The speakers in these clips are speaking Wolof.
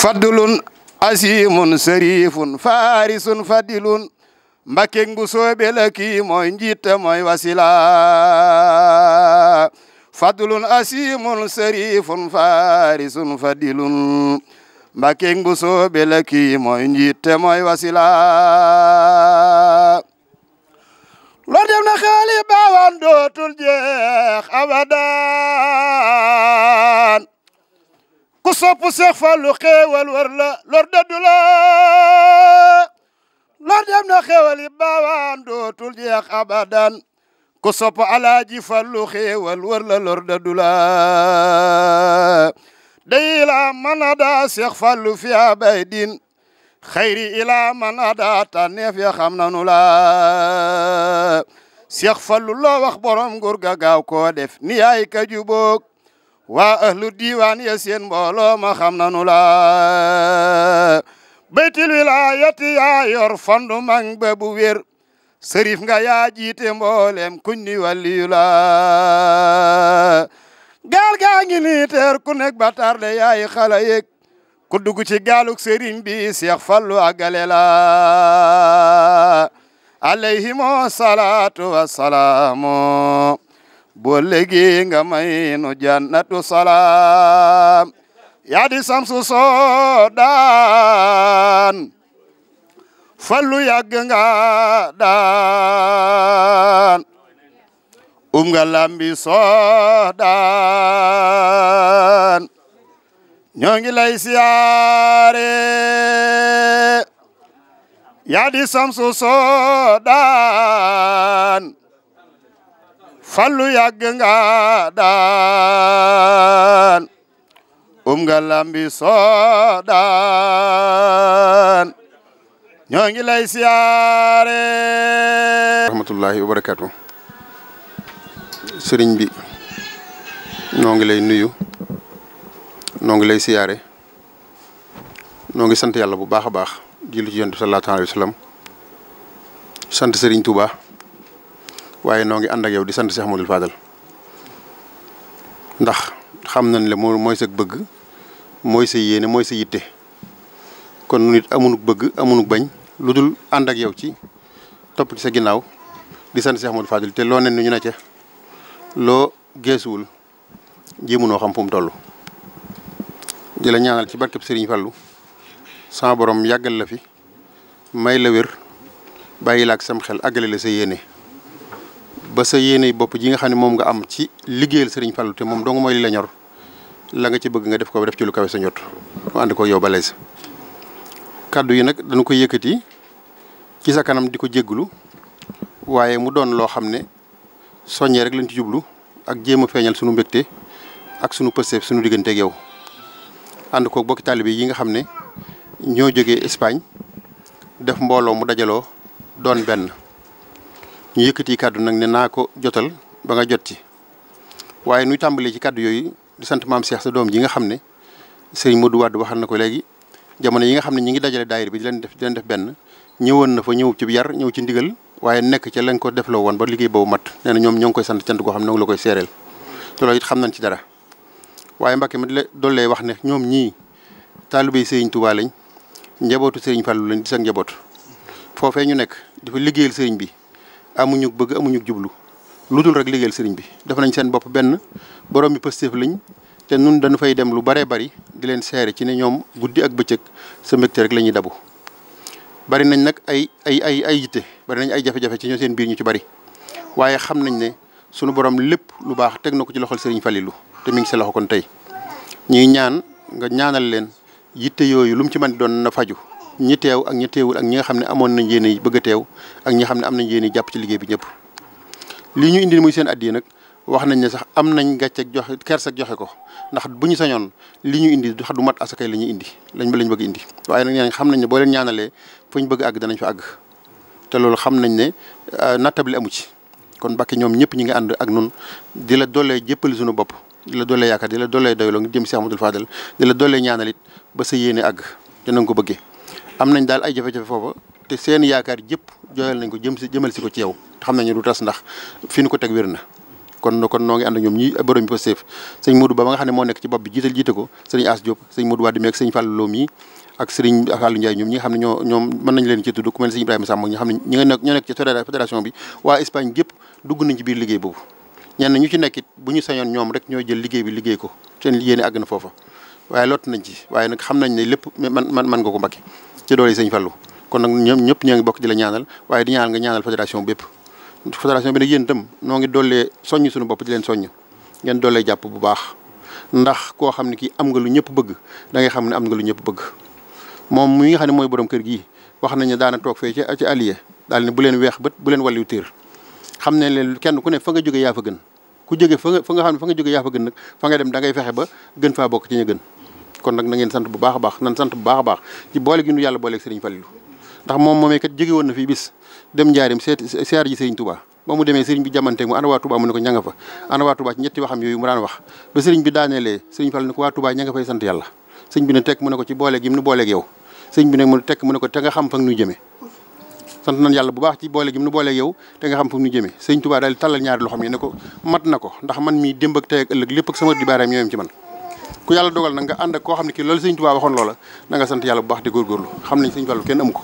faddulun asimun sarifun farisun fadilun mbakke ngusooɓe la kii mooy njiitta mooy wasila fadulun asimun sarifun farisun fadilun mbakke ngusooɓe la kii mooy njiitta mooy wasila lor dem na xaali baawaan dootul jeex abadan ku sopp Seex Fallu xéewal war lor dëddu lor dem na xéewal yi baawaan jeex abadan ku Alaaji Fallu xéewal war lor dëddu la day ilaa Seex Fallu fi abay xayri ilaa man adaa tànneef ya xam nanu la Seex Fallu loo wax borom nguur ga gaaw koo def ni yaay ka juboog waa ahlu diiwaan ya seen mbooloo ma xam nanu la baytil wilaayati yaa yor fondu mang ba bu wér nga ya jiite mboolem kuñ ni wàlliyu la gaal gaa ngi nii teer ku nekk ba tarde yaay xala yëg ku dugg ci gaaluk sëriñ bi Seex Fallu àggale la alayhimu salaatu wassalaamu boo léegi nga may nu jannatu salaam samsu soodaan fallu yàgg nga daan um nga lambi soodaan ñoo siyaare yaa samsu soodaan fallu yàgg nga daan um nga lambi soo daan ngi lay siyaare rahmatullahi wa barakatu sëriñ bi noo ngi lay nuyu noo ngi lay siyaare noo ngi sant yàlla bu baax a baax julli ci yonent bi sallallahu alayhi wa sëriñ Tuubaa waaye noo ngi ànd ak yow di sant Cheikh Modou Fadal ndax xam nañ le moo mooy sa bëgg mooy sa yéene mooy sa yitte kon nit amunu bëgg amunu bañ lu dul ànd ak yow ci topp ci sa ginnaaw di sant Cheikh Modou Fadal te loo nen ñu ne ca loo geesuwul jéemu noo xam fu mu toll di la ñaanal ci barkeb Serigne Fallou sama borom yàggal la fi may la wér bàyyi la ak sam xel àggale la sa yéene ba sa yéene bopp ji nga xam ne moom nga am ci liggéeyal Serigne Fallou te moom dong mooy li la ñor la nga ci bëgg nga def ko def ci lu kawe sa njot mu ànd ko yow ba kàddu yi nag dañu ko yëkkati ci sa kanam di ko jégglu waaye mu doon loo xam ne soññee rek lañ ci jublu ak jéem a feeñal sunu mbégte ak sunu pësteef sunu digganteeg yow ànd ko bokki taalibe yi nga xam ne ñoo jóge Espagne def mbooloo mu dajaloo doon benn ñu yëkkati kàddu nag ne naa ko jotal ba nga jot ci waaye nuy tàmbali ci kàddu yooyu di sant maam seex sa doom ji nga xam ne sëriñ Modou Wade waxal na ko léegi jamono yi nga xam ne ñi ngi dajale daayir bi di leen def di leen def benn ñëwoon na fa ñëw ci yar ñëw ci ndigal waaye nekk ca lañ ko defloo woon ba liggéey boobu mat nee ñoom ñoo ngi koy sant cant goo xam ne la koy seereel loolu it xam nañ ci dara waaye Mbacke ma doolu lay wax ne ñoom ñii taalibey sëriñ Touba lañ njabootu sëriñ Fallou lañ di sa njaboot foofee ñu nekk di fa liggéeyal bi amuñu bëgg amuñu jublu lu dul rek liggéeyal sëriñ bi def nañ seen bopp benn borom yi positif lañ te nun dañu fay dem lu baree bari di leen seere ci ne ñoom guddi ak bëccëg sa mbégte rek la ñuy dabu. bari nañ nag ay ay ay ay yitte bari nañ ay jafe-jafe ci ñoo seen biir ñu ci bari waaye xam nañ ne sunu borom lépp lu baax teg na ko ci loxol sëriñ Falilou te mi ngi sa loxo kon tey ñuy ñaan nga ñaanal leen yitte yooyu lu mu ci mën doon na faju ñi teew ak ñi teewul ak ñi nga xam ne amoon nañ yéen bëgg teew ak ñi xam ne am nañ yéen jàpp ci liggéey bi ñëpp lii ñu indi muy seen yi nag wax nañ ne sax am nañ gàcceeg joxe kersak joxe ko ndax bu ñu sañoon li ñu indi du xa du mat asakay la ñuy indi lañ ba lañ bëgg indi waaye nag ñaan xam nañ ne boo leen ñaanalee fu ñu bëgg àgg danañ fa àgg te loolu xam nañ ne euh, nattable amu ci kon Mbàkke ñoom ñëpp ñi nga ànd ak nun di la doolee jéppali sunu bopp di la doolee yaakaar di la doolee doyloo ngi jëm si Amadou Fadal di la doolee ñaanalit ba sa yéene àgg dinañ ko bëggee am nañ daal ay jafe-jafe foofa te seen yaakaar jëpp jooyal nañ ko jëm si jëmal si ko ci yow te xam nañu du tas ndax fi ñu ko teg wér na kon kon noo ngi ànd ak ñoom ñi borom bi ne moo nekk ci bopp bi jiital jiite ko sëñ As Diop sëñ Modou Wade meek sëñ Fallou Lom yi ñoo ñoom mën nañ leen ci tudd ku mel ne sëñ Ibrahima Samb ñi ñi nekk ñoo nekk ci fédération bi waa Espagne gépp dugg nañ ci biir liggéey boobu ñenn ñu ci nekkit bu ñu sañoon ñoom rek ñoo jël liggéey bi liggéey ko seen yéene àgg na foofa waaye lott nañ ci waaye nag xam nañ ne lépp man man man nga ko mbakki ci doole sëñ Fallou kon nag ñoom ñëpp ñoo ngi bokk di la ñaanal waaye di ñaanal nga ñaanal fédération bépp fédération bi nag yéen itam noo ngi doolee soññ suñu bopp di leen soññ ngeen doolee jàpp bu baax ndax koo xam ne kii am nga lu ñëpp bëgg da xam ne am nga lu ñëpp bëgg moom mi nga xam ne mooy borom kër gii wax nañu daana toog fee ci ci allié daal ne bu leen weex bët bu leen wàllu tiir xam ne leen kenn ku ne fa nga jóge yaa fa gën ku jóge fa nga xam ne fa nga jóge yaa fa gën nag fa nga dem da ngay fexe ba gën faa bokk gën kon nag na ngeen sant bu baax a baax nan sant bu baax a baax ci boole gi ñu yàlla booleeg Serigne Fallou ndax woon na fi bis dem njaarim seet siyaar ji Serigne Touba bi jamante mu ana waa Touba mu ne ko ña nga fa ana waa Touba ci ñetti waxam yooyu mu daan wax ba ko waa Touba ña nga fay sant yàlla sëñ bi ne tekk mu ne ko boole gi mu nu te nga xam fa nuy jëmee sant nañ yàlla bu baax ci boole nu booleeg yow te daal tallal ñaari loxam yi ko mat na ko ndax man mii démb ak tey lépp ak sama di baaraam man ku yàlla dogal na nga ànd ak koo xam ne kii loolu sëñ Tuubaa waxoon loola na nga sant yàlla bu baax di góorgóorlu xam nañ sëñ Fallu kenn amu ko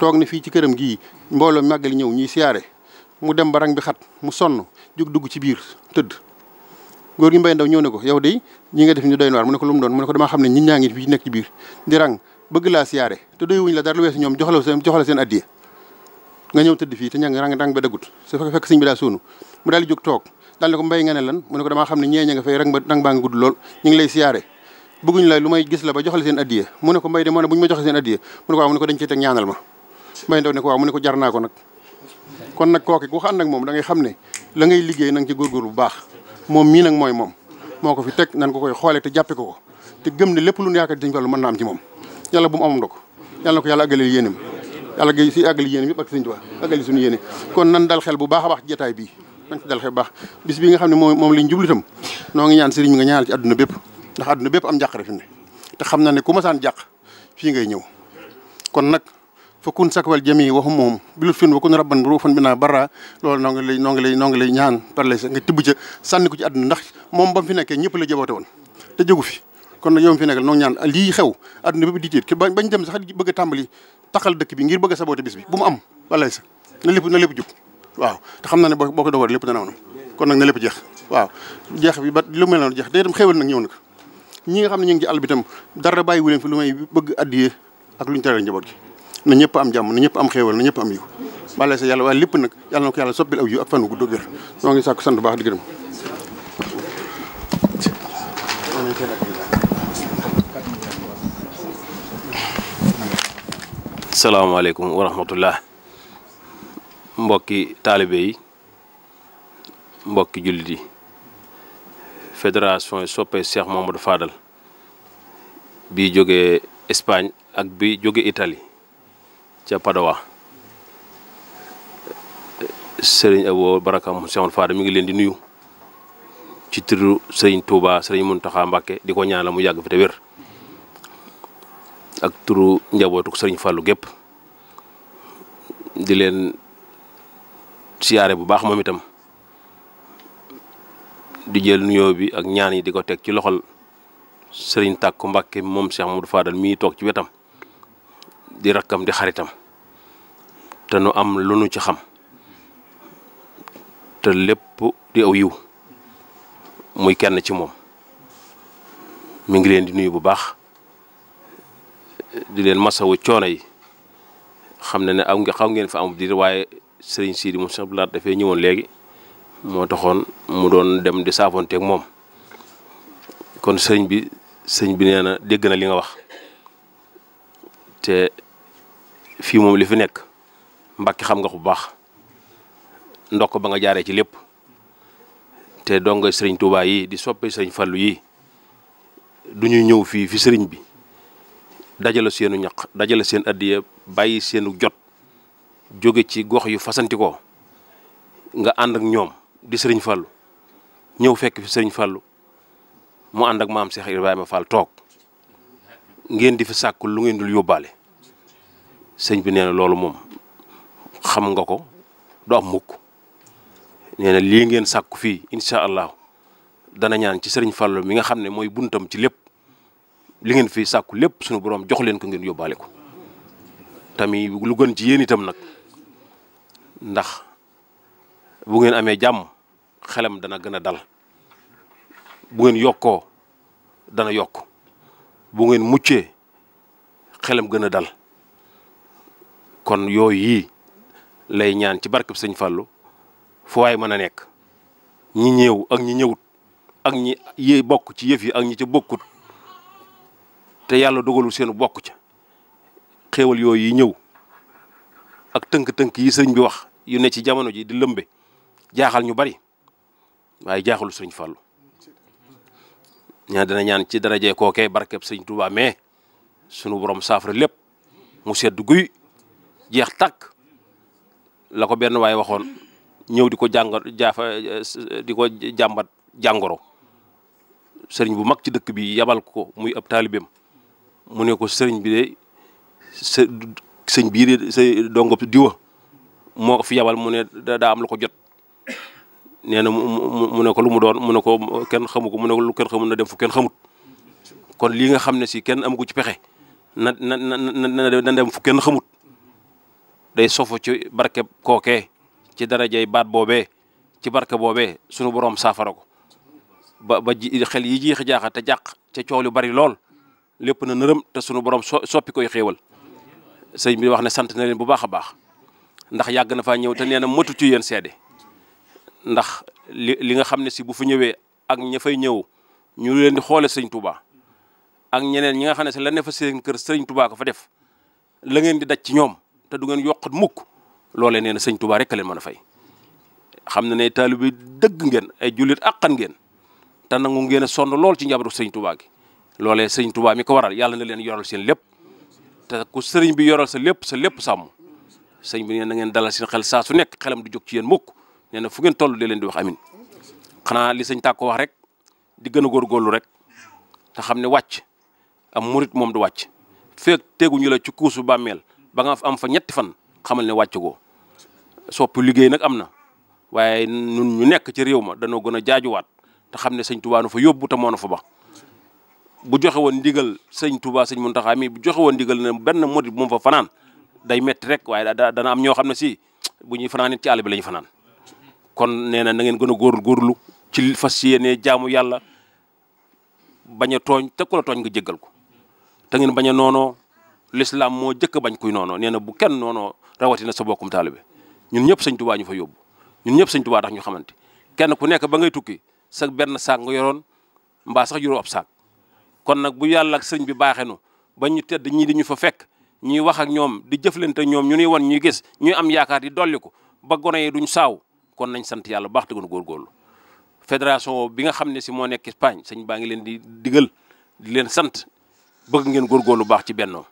toog ne fii ci këram gii mbooloo màggali ñëw ñuy siyaare mu dem ba rang bi xat mu sonn jóg dugg ci biir tëdd góor gi mbay ndaw ñëw ne ko yow de ñi nga def ñu doy waar mu ne ko lu mu doon mu ne ko dama xam ne ñi ñaa ngi fii nekk ci biir di rang bëgg laa siyaare te doy wuñ la dara lu weesu ñoom jox la seen jox la seen addiya nga ñëw tëdd fii te ña nga rang rang ba dëggut su fekk sëñ bi daa suunu mu daal jóg toog dal ne ko mbay nga ne lan mu ne ko damaa xam ne ñeeña nga fay rang ba rang nga gudd lool ñu ngi lay siyaare bëgguñu la lu may gis la ba joxale seen addiya mu ne ko mbay de ma joxe seen addiya mu ne ko waaw mu ko dañ ci ko waaw kon nag kooke ku ànd ak moom da ngay xam ne la liggéey na nga ci góorgóorlu bu baax moom mii nag mooy moom moo ko fi teg nan ko koy xoole te jàppe ko ko te gëm ne lépp lu ñu yaakaar dañ ko mën na am ci moom yàlla bu mu amam ko yàlla na ko yàlla àggaleel yéenam yàlla gay si àggali yéenam yëpp ak sëñ Tuubaa àggali suñu yéene kon nan dal xel bu baax a baax jataay bi nañ ci dal xel baax bis moom moom ñaan sëriñ nga ñaanal ci àdduna bépp ndax àdduna bépp am jàqare na ne ku masaan jàq fii ngay ñëw kon nag fa kun sakwal jami waxu moom bi lut fin wa kun rabban ruufan bi naa bara loolu lay noo ngi lay noo ngi lay ñaan par la nga tibb ca sànni ko ci ndax moom ba mu fi nekkee ñëpp la jaboote woon te jógu fi kon nag yow mi fi nekkal noo ngi ñaan lii xew àdduna bépp di tiit bañ dem sax bëgg a tàmbali taxal dëkk bi ngir bëgg a saboote bis bi bu mu am walaay sa na lépp jub waaw te xam na ne boo ko dogoon lépp dana am kon nag na lépp jeex waaw jeex bi ba lu mel noonu jeex day dem xéwal nag ñëw na ko ñi nga xam ne ñu ngi ci àll bi tam dara bàyyi wu fi lu may bëgg addiyee ak lu ñu teree njaboot gi na ñëpp am jàmm na ñëpp am xéewal na ñëpp am yiw bàyyi sa yàlla waaye lépp nag yàlla na ko yàlla soppil aw yiw ak fan wu gudd ak wér ñoo ngi sàkku sant baax di gërëm salaamaaleykum wa rahmatullah mbokki taalibe mbokki julliti yi fédération soppe Cheikh Mamadou Fadal bi jógee Espagne ak bi jóge Italie ca Padowa sëriñ Abo Baraka mu Cheikh Fadal mi ngi leen di nuyu ci turu sëriñ Touba sëriñ Mountakha Mbacké di ko ñaanal mu yàgg fi wér ak turu njabootu sëriñ Fallou gépp di leen siyaare bu baax moom itam di jël nuyoo bi ak ñaan yi di ko teg ci loxol sëriñ Tàkku Mbàkke moom Cheikh Modou Fadal mii toog ci wetam di rakkam di xaritam te nu am lu nu ci xam te lépp di aw yiw muy kenn ci moom mu ngi leen di nuyu bu baax di leen masawu coono yi xam na ne aw ngeen fa am waaye sëriñ Sidi moom Cheikh Abdou Lahad dafay ñëwoon léegi moo taxoon mu doon dem di saafonteeg moom kon sëriñ bi sëriñ bi nee na dégg na li nga wax te fii moom li fi nekk mbakki xam nga ko bu baax ndokk ba nga jaare ci lépp te dongo sëriñ Touba yi di soppe sëriñ Fallu yi du ñuy ñëw fii fi sëriñ bi dajal seenu ñaq dajale seen addiya bàyyi seenu jot jóge ci gox yu fasanti ko nga ànd ak ñoom di sëriñ Fallou ñëw fekk fi sëriñ Fallou mu ànd ak maam Cheikh Ibrahima fal toog ngeen di fi sàkku lu ngeen dul yóbbaale sëñ bi nee na loolu moom xam nga ko du am lii ngeen sàkku fii incha allah dana ñaan ci sëriñ Fallou mi nga xam ne mooy buntam ci lépp li ngeen fi sàkku lépp sunu borom jox leen ko ngeen yóbbaale ko tamit lu gën ci yéen nag. ndax bu ngeen amee jàmm xelam dana gën a dal bu ngeen yokkoo dana yokk bu ngeen muccee xelam gën a dal kon yooyu yii lay ñaan ci barkeb sëñ Fallou fu waay mën a nekk ñi ñëw ak ñi ñëwut ak ñi yi bokk ci yëf yi ak ñi ci bokkut te yàlla dogalul seenu bokk ca xéewal yooyu yi ñëw ak tënk-tënk yi sëñ bi wax yu ne ci jamono ji di lëmbe jaaxal ñu bari waaye jaaxalu sëñ fal ñaa dina ñaan ci daraje kookee barkeb sëñ Touba mais sunu borom saafara lépp mu sedd guy jeex takk la ko benn waaye waxoon ñëw di ko jàngat jaafa di ko jàmbat jàngoro sëriñ bu mag ci dëkk bi yabal ko muy ab mu ne ko sëriñ bi de sa sëñ bii de diwa moo ko fi yabal mu ne daa am lu ko jot nee na mu mu ne ko lu mu doon mu ne ko kenn xamu ko mu ne ko lu kenn na dem kenn xamut kon lii nga xam ne si kenn am ko ci pexe na na na na dem fu kenn xamut day sofo ci barke kooke ci dara darajay baat boobee ci barke boobe sunu borom saafara ko ba ba ji xel yi jiix jaaxa te jàq te coow lu bari lool lépp na nërëm te sunu borom so soppi koy xéewal sëñ bi wax ne sant na leen bu baax a baax. ndax yàgg na faa ñëw te nee na matu ci yéen ndax li li nga xam ne si bu fa ñëwee ak ña ñëw ñu leen di xoole sëñ Touba ak ñeneen ñi nga xam ne si la ne fa seen kër sëñ Touba ko fa def la ngeen di daj ci ñoom te du ngeen yokkat mukk loolee nee sëñ Touba rekk a leen mën a fay. xam na ne taalibe bi dëgg ngeen ay jullit àqan ngeen te nangu ngeen a sonn lool ci njabaru sëñ Touba gi loole sëñ Touba mi ko waral yàlla na leen yoral seen lépp te ku sëriñ bi yorol sa lépp sa lépp sàmm. sëñ bi nee na ngeen dalal seen xel saa su nekk xelam du jog ci yéen mukk nee na fu ngeen toll di leen di wax amin xanaa li sëñ tàkko wax rek di gën a góorgóorlu rek te xam ne wàcc am murit moom du wàcc feeg teguñu la ci kuusu bàmmeel ba nga am fa ñetti fan xamal ne wàcc goo soppi liggéey nag am na waaye nun ñu nekk ci réew ma danoo gën a jaajuwaat te xam ne sëñ Tuubaa nu fa yóbbu te moon na fa ba bu joxe woon ndigal sëñ Tuubaa sëñ Muntaxa mi bu joxe woon ndigal na benn murit moom fanaan day metti rek waaye dana am ñoo xam ne si bu ñuy fanaan ci àll bi la fanaan kon nee na na ngeen gën a góor góorlu ci fas yéene jaamu yàlla bañ a tooñ te ku tooñ nga jéggal ko te ngeen bañ noonoo lislaam moo jëkk bañ kuy noonoo nee na bu kenn noonoo rawatina sa bokkum taalibe ñun ñëpp sëñ waa ñu fa yóbbu ñun ñëpp sëñ tubaa tax ñu xamante kenn ku nekk ba ngay tukki sa benn saak nga yoroon mbaa sax yuroo ab saak kon nag bu yàlla ak bi baaxee nu ba ñu fa fekk ñuy wax ak ñoom di jëflante ñoom ñu nuy wan ñuy gis ñuy am yaakaar di dolliku ba gone yi duñ saaw kon nañ sant yàlla bu baax di gën a góorgóorlu fédération bi nga xam ne si moo nekk Espagne sëñ baa ngi leen di digal di leen sant bëgg ngeen góorgóorlu baax ci bennoo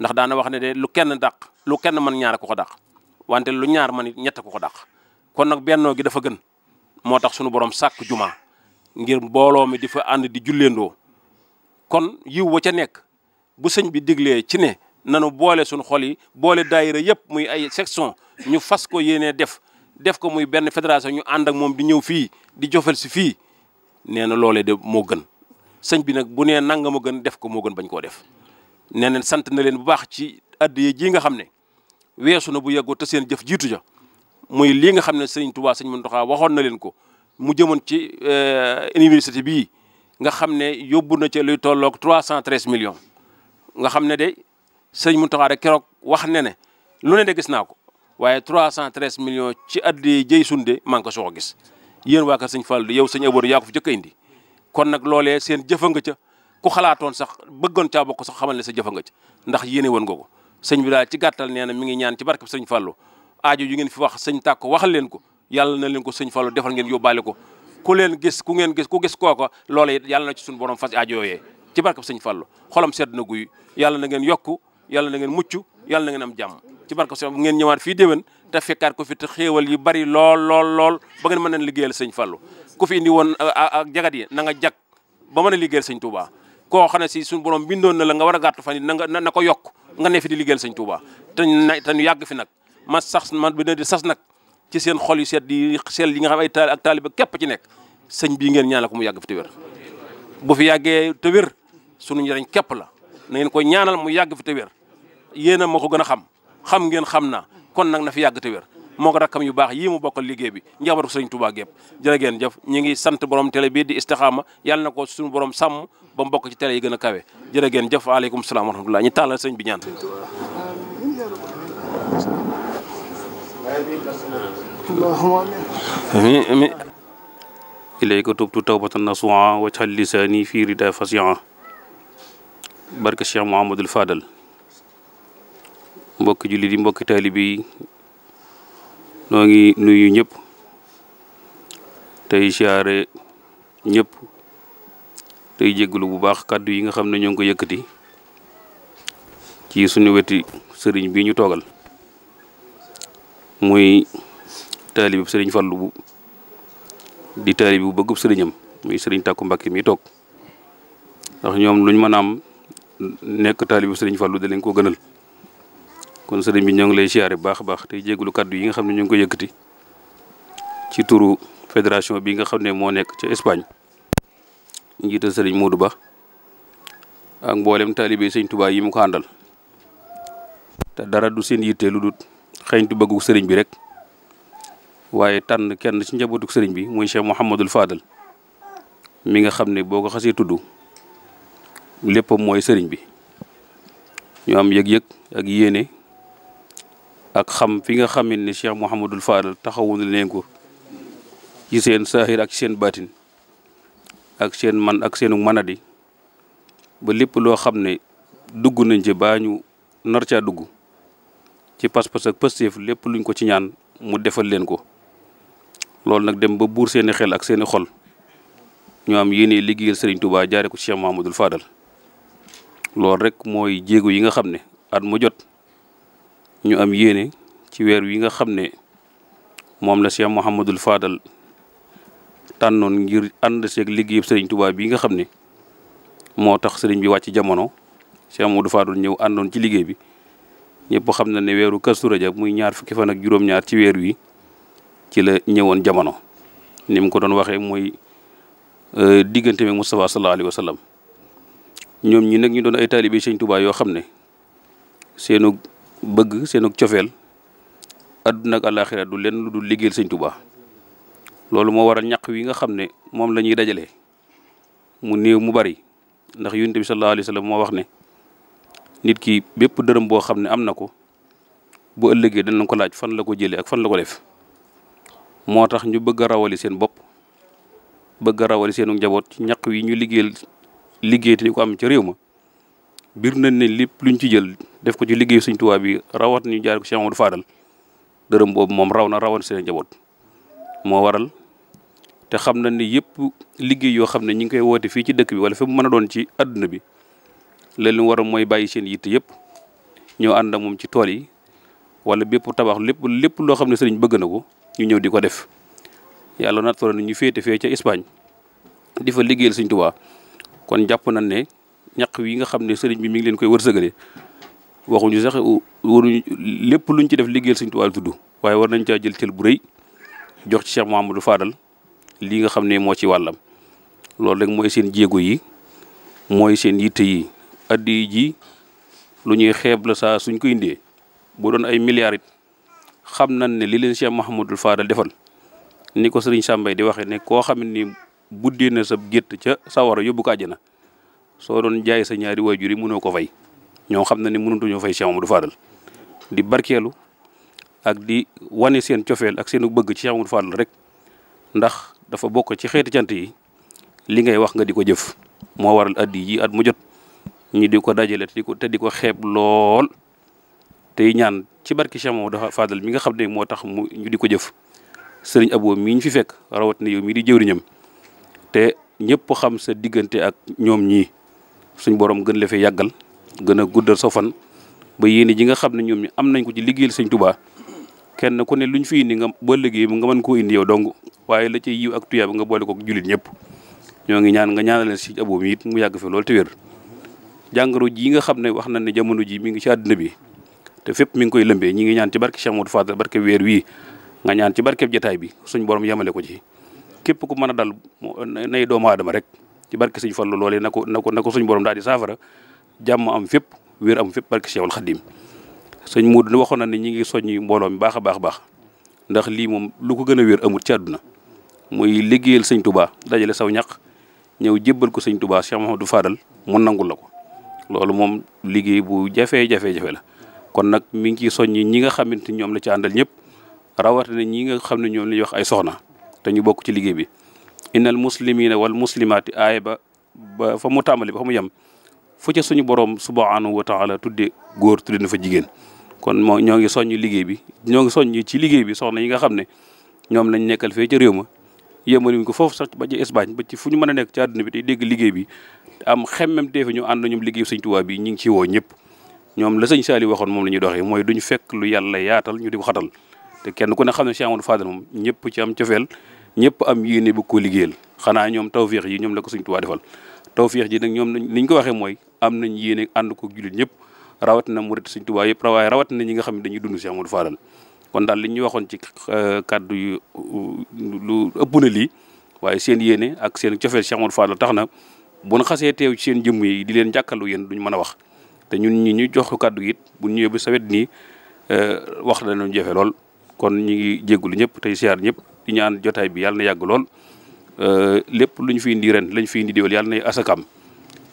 ndax daana wax ne de lu kenn dàq lu kenn mën ñaar ko ko dàq wante lu ñaar man ñett ko ko dàq kon nag bennoo gi dafa gën moo tax sunu borom sàkk juma ngir mbooloo mi di fa ànd di julleen julleendoo kon yiw wa ca nekk bu sëñ bi diglee ci ne nanu boole suñu xol yi boole daayira yëpp muy ay section ñu fas ko yéenee def def ko muy benn fédération ñu ànd ak moom di ñëw fii di jofel si fii nee na loolee de moo gën sëñ bi nag bu nee nanga ma gën def ko moo gën bañ koo def nee na sant na leen bu baax ci addiya ji nga xam ne weesu na bu yeggoo te seen jëf jiitu ja muy lii nga xam ne sëñ Tuubaa sëñ Muntaxa waxoon na leen ko mu jëmoon ci eh, université bi nga xam ne yóbbu na ci luy tolloog trois cent nga xam ne de sëñ Mountakha rek keroog wax ne ne lu ne de gis naa ko waaye 313 million ci addi jëy sunde maa ngi ko soog a gis yéen waa kër sëñ Fallou yow sëñ Aboor yaa ko jëkk indi kon nag loole seen jëfa nga ca ku xalaatoon sax bëggoon caa sax xamal ne sa jëfa nga ca ndax yéene woon nga ko sëñ bi daal ci gàttal nee na mi ngi ñaan ci barke sëñ fallo aajo yu ngeen fi wax sëñ tàkko waxal leen ko yàlla na leen ko sëñ Fallou defal ngeen yóbbaale ko ku leen gis ku ngeen gis ku gis kooko loolee yàlla ci suñu borom fas aajo yooyee ci barke sëñ Fallou xolam sedd na guy yàlla na ngeen yokku yàlla na ngeen mucc yàlla na ngeen am jàmm ci barke ngeen ñëwaat fii déwén te fekkaat ko fi te xéewal yi bari lool lool lool ba ngeen mën a liggéeyal sëñ Fallou ku fi indi woon ak jagat yi nga jag ba mën a liggéeyal sëñ Touba koo xam ne si suñu borom bindoon na la nga war a gàttu fan yi na nga na ko yokk nga ne fi di liggéeyal sëñ yàgg fi nag ma sax man bi di sas nag ci seen xol yu set di sel yi nga xam ay taal ak taaliba képp ci nekk sëñ bii ngeen ñaanal ko mu yàgg fi te wér fi yàggee te wér suñu njëriñ képp la na ngeen koy ñaanal mu yàgg fu te wér yéen moo ko gën a xam xam ngeen xam naa kon nag na fi yàgg te wér moo ko rakkam yu baax yii mu bokkal liggéey bi njabootu sëriñ Touba gépp jërë ngeen jëf ñi ngi sant borom télé bii di istixaama yàlla na ko suñu borom sàmm ba mu ci télé yi gën a kawe jërë ngeen jëf aleykum salaam wa ñu tàllal sëñ bi ñaan mi ilayka tubtu tawbatan nasuha wajhal lisaani fii barke Cheikh Mouhamadoul Fadal mbokki jullit yi mbokki taalibe yi noo nuyu ñëpp tey siyaare ñëpp tey jégalu bu baax kàddu yi nga xam ne ñoo ngi ko yëkkati ci suñu weti sëriñ bi ñu toogal muy taalibe sëriñ Fallu bu di taalibe bu bëggub sëriñam muy sëriñ takku Mbàkke mi toog ndax ñoom luñ mën a am nekk taalibe sëriñ Fallu da leen ko gënal kon sëriñ bi ñoo ngi lay siyaare bu baax a baax tey jégalu kaddu yi nga xam ne ñu ngi ko yëkkati ci turu fédération bi nga xam ne moo nekk ca Espagne njiital sëriñ moo du Ba ak mboolem taalibe sëñ Tuubaa yi mu ko àndal te dara du seen yitte lu dul tu bëggu sëriñ bi rek waaye tànn kenn ci njabootu sëriñ bi muy Cheikh Mouhamadul faadal mi nga xam ne boo ko xasee tudd léppam mooy sëriñ bi ñu am yëg-yëg ak yéene. ak xam fi nga xamit ni Cheikh Mouhamadul Fadal taxawuñu leen ko ci seen saaxir ak seen baatin ak seen man ak seenu manadi ba lépp loo xam ne dugg nañ ci baa ñu nar dugg ci pas-pas ak pëstéef lépp luñ ko ci ñaan mu defal leen ko loolu nag dem ba buur seeni xel ak seeni xol ñu am yéene liggéeyal Serigne Touba jaare ko Cheikh Mouhamadul Fadal loolu rek mooy jéego yi nga xam ne at mu jot ñu am yéene ci weer wi nga xam ne moom la Cheikh Mouhamadul Fadal noon ngir ànd seeg liggéeyub sëriñ Touba bi nga xam ne moo tax sëriñ bi wàcc jamono Cheikh Mouhamadul Fadal ñëw àndoon ci liggéey bi ñëpp xam na ne weeru Kazu Rajab muy ñaar fukki fan ak juróom-ñaar ci weer wi ci la ñëwoon jamono ni ko doon waxee mooy euh, diggante mi Moustapha sallallahu alayhi wa ñoom ñi nag ñu doon ay taalibe sëriñ Touba yoo xam ne seenu bëgg seen cofeel adduna ak àllaaxira du leen lu dul liggéeyal sëñ Tuubaa loolu moo waral ñaq wi nga xam ne moom la ñuy dajale mu néew mu bari ndax yonent bi sallallahu alayhi wa sallam moo wax ne nit ki bépp dërëm boo xam ne am na ko bu ëllëgee danañ ko laaj fan la ko jëlee ak fan la ko def moo tax ñu bëgg a rawali seen bopp bëgg a rawali seenu njaboot ci ñaq wi ñu liggéey liggéey te di ko am ca réew ma biir nañ ne lépp luñ ci jël def ko ci liggéey Sëriñ Tuubaa bi rawat ñu jaar ko Cheikh Amadou Fadal dërëm mboob moom raw na rawan seen njaboot moo waral te xam na ni yëpp liggéey yoo xam ne ñu ngi koy woote fii ci dëkk bi wala fi mu mën a doon ci àdduna bi leen lu war mooy bàyyi seen yitte yëpp ñoo ànd ak moom ci tool yi wala bépp tabax lépp lépp loo xam ne sëriñ bëgg na ko ñu ñëw di ko def yàlla nattoo na ñu féete fee ca Espagne di fa liggéeyal Sëriñ Tuubaa kon jàpp nañ ne ñaq wi nga xam ne sëriñ bi mi ngi leen koy war wërsëgale waxuñu sax waruñ lépp luñ ci def liggéeyal Sëriñ Tuubaa tudd waaye war nañ caa jël cël bu rëy jox ci Cheikh Mouhamadou lii nga xam ne moo ci wàllam loolu rek mooy seen jéego yi mooy seen yitte yi addi ji lu ñuy xeeb la suñ ko indee bu doon ay milliards xam nañ ne li leen Cheikh Mouhamadou faadal defal ni ko sëriñ Sambay di waxee ne koo xam ni buddee na sa gétt ca sawara yóbbu ko àjjana soo doon jaay sa ñaari waajur yi mënoo ko fay ñoom xam ne ni mënutuñoo fay Cheikh du Fadal di barkeelu ak di wane seen cofeel ak seen seenu bëgg ci Cheikh Amadou Fadal rek ndax dafa bokk ci xeeti cant yi li ngay wax nga di ko jëf moo waral addi yi at mu jot ñi di ko dajale te ko te di ko xeeb lool tey ñaan ci barke Cheikh Mamadou Fadal mi nga xam ne moo tax mu ñu di ko jëf sëriñ Abo mii ñu fi fekk rawatina yow mii di jëwriñam te ñëpp xam sa diggante ak ñoom ñii suñ borom gën la fi yàggal gën a guddal sa fan ba yéene ji nga xam ne ñoom ñi am nañ ko ci liggéeyal sëñ tuba kenn ku ne luñ fi indi nga ba liggéey nga mën koo indi yow dong la ci yiw ak tuyaab nga boole ko jullit ñëpp ñoo ngi ñaan nga ñaanal si aboom it mu yàgg fi loolu te wér jàngoro ji nga xam ne wax na ne jamono ji mi ngi ci àddina bi te fépp mi ngi koy lëmbee ñi ngi ñaan ci barke Cheikh Modou Fadal barke weer wii nga ñaan ci barkeb jataay bi suñ borom yemale ko ci képp ku mën a dal nay doomu aadama rek ci barke Sëñ Fallu loolee na ko na ko na ko suñu borom daal di saafara jàmm am fépp wér am fépp barke Seexul Xaddiim sëñ Moodu waxoon na ne ñi ngi soññi mbooloo mi baax a baax baax ndax lii moom lu ko gën a wér amut ci àdduna mooy liggéeyal sëñ Touba dajale saw ñaq ñëw jébbal ko sëñ Touba Cheikh du Fadal mu nangul la ko loolu moom liggéey bu jafee-jafe-jafe la kon nag mi ngi ciy soññi ñi nga xamante ñoom la ci àndal ñëpp rawatina ñii nga xam ne ñoom la ñuy wax ay soxna te ñu bokk ci liggéey bi innal muslimina wal muslimaati aaya ba ba fa mu tàmbali ba fa mu yem fu ca suñu borom subhanahu wa taala tudde góor tudde na fa jigéen kon moo ñoo ngi soññ liggéey bi ñoo ngi soññ ci liggéey bi soxna yi nga xam ne ñoom lañ nekkal fee ca réew ma yéemaluñ ko foofu sax ba ci Espagne ba ci fu ñu mën a nekk ca àdduna bi day dégg liggéey bi am xemmem teefi ñu ànd ñoom liggéey Sëñ Tuubaa bi ñu ngi ci woo ñëpp ñoom la sëñ Saali waxoon moom la ñuy doxee mooy duñu fekk lu yàlla yaatal ñu di ko xatal te kenn ku ne xam ne Cheikh Amadou Fadal moom ñëpp ci am cofeel ñëpp am yéene bu ko liggéeyal xanaa ñoom tawféex yi ñoom la ko Sëriñ Tuubaa defal tawféex ji nag ñoom nañ ñu ko waxee mooy am nañ yéene ànd ko jullit ñëpp rawat na murit Sëriñ Tuubaa yëpp waaye rawat na ñi nga xam ne dañuy dund Cheikh Amadou kon daal li ñu waxoon ci euh, kàddu yu lu ëpp na waaye seen yéene ak seen cofeel Cheikh Amadou Fadal tax na bu ñu xasee teew ci seen jëmm yi di leen jàkkalu yéen duñ mën a wax te ñun ñi ñu jox kàddu gi bu ñëwee ba sawet nii euh, wax danañ jafe lool kon ñu ngi jéggulu ñëpp tey siyaar ñëpp di ñaan jotaay bi yàlla na yàgg lool euh, lépp lu ñu fi indi ren lañ fi indi déwén yàlla nay asakam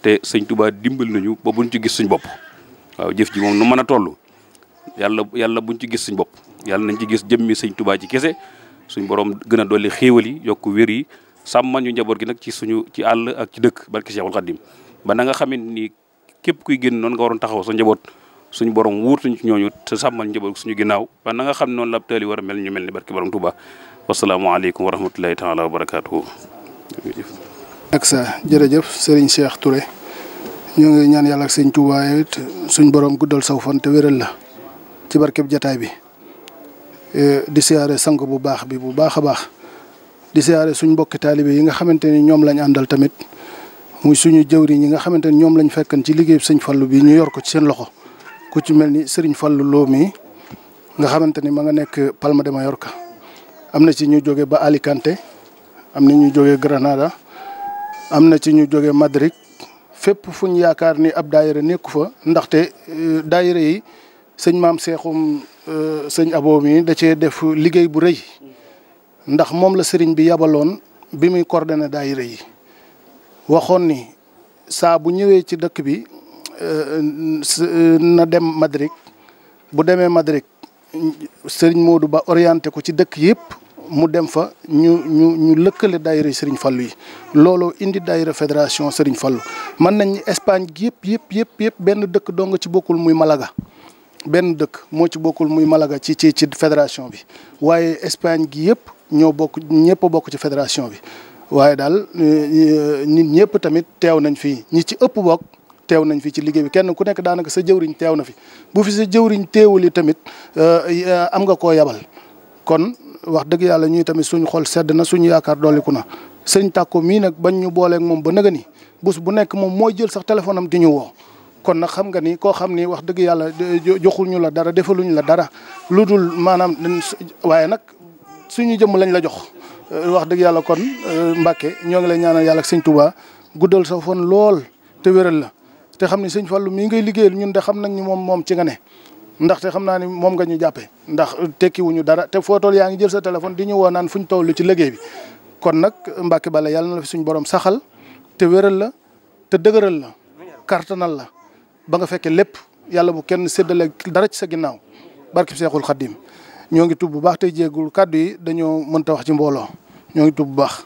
te sëñ Tuubaa dimbal nañu ba buñ ci gis suñ bopp waaw jëf ji nu mën a toll yàlla yàlla buñ ci gis suñ bopp yàlla nañ ci gis jëmmi sëñ Tuubaa ci kese suñ borom gën a dolli xéewal yi yokk wér yi sàmman ñu njaboot gi nag ci suñu ci àll ak ci dëkk barki Seexul Xaddim ba na nga xamante ni képp kuy génn noonu nga waroon taxaw sa njaboot suñu borom wuutuñ ci ñooñu te sàmmal njaboot suñu ginnaaw ba na nga xam noonu la ab war a mel ñu mel ni barki borom Tuubaa wasalaamualeykum wa rahmatullahi taala wa barakaatu. sa jërëjëf Serigne Cheikh Touré ñoo ngi ñaan yàlla ak sëñ Touba it suñ borom guddal saw fan te wéral la ci barkeb jataay bi eh, di siyaare sang bu baax bi bu baax a baax di siyaare suñ mbokki taalibe yi nga xamante ni ñoom lañ àndal tamit muy suñu jëwriñ yi nga xamante ni ñoom lañ fekkan ci liggéey sëñ Fallu bi ñu yor ko ci seen loxo ku ci mel ni sëriñ Fallu Lo mi nga xamante ni ma nga nekk Palma de Mallorca am na ci ñu jóge ba Alicante am na ñu jóge Granada am na ci ñu jóge Madrid fépp fu ñu yaakaar ni ab daayira nekku fa ndaxte euh, daayira yi sëñ maam seexum euh, sëñ aboom yi da cee def liggéey bu rëy ndax moom la sëriñ bi yabaloon bi muy coordonné daayira yi waxoon ni saa bu ñëwee ci dëkk bi euh, na dem Madrid bu demee Madrid Serigne moodu Ba orienté ko ci dëkk yëpp mu dem fa ñu ñu ñu lëkkale dayre Serigne Fallou yi looloo indi daayira fédération Serigne Fallou mën nañ ni Espagne gi yëpp yëpp yëpp yëpp benn dëkk dong ci bokkul muy Malaga benn dëkk moo ci bokkul muy Malaga ci ci ci fédération bi waaye Espagne gi yëpp ñoo bokk ñëpp bokk ci fédération bi waaye daal euh, euh, nit ñëpp tamit teew nañ fi ñi ci ëpp bokk. teew nañ fi ci liggéey bi kenn ku nekk daanaka sa jëwriñ teew na fi bu fi sa jëwriñ teewul yi tamit euh, am nga koo yabal kon wax dëgg yàlla ñuy tamit suñu xol sedd na suñu yaakaar dolliku na sëñ tàkko mii nag bañ ñu booleeg moom ba naga ni bus bu nekk moom mooy jël sax téléphone am di ñu woo kon nag xam nga ni koo xam ni wax dëgg yàlla joxuñu la dara defaluñu la dara lu dul maanaam waaye nag suñu jëmm lañ la jox euh, wax dëgg yàlla kon euh, mbake ñoo ngi lay ñaan yàlla ak sëñ Tuubaa guddal sa fon lool te wéral la te xam ni sëñ Fallou mii ngay liggéeyal ñun de xam nag ñi moom moom ci nga ne ndaxte xam naa ni moom nga ñu jàppe ndax tekkiwuñu dara te foo yaa ngi jël sa téléphone di ñu woo naan fuñ toll ci liggéey bi kon nag mbaki Balla yàlla na la fi suñ borom saxal te wéral la te dëgëral la kartanal la ba nga fekkee lépp yàlla bu kenn séddale dara ci sa ginnaaw barke Seexul Xaddim ñoo ngi tub bu baax tey jéegul kàddu yi dañoo mënta wax ci mbooloo ñoo ngi tub bu baax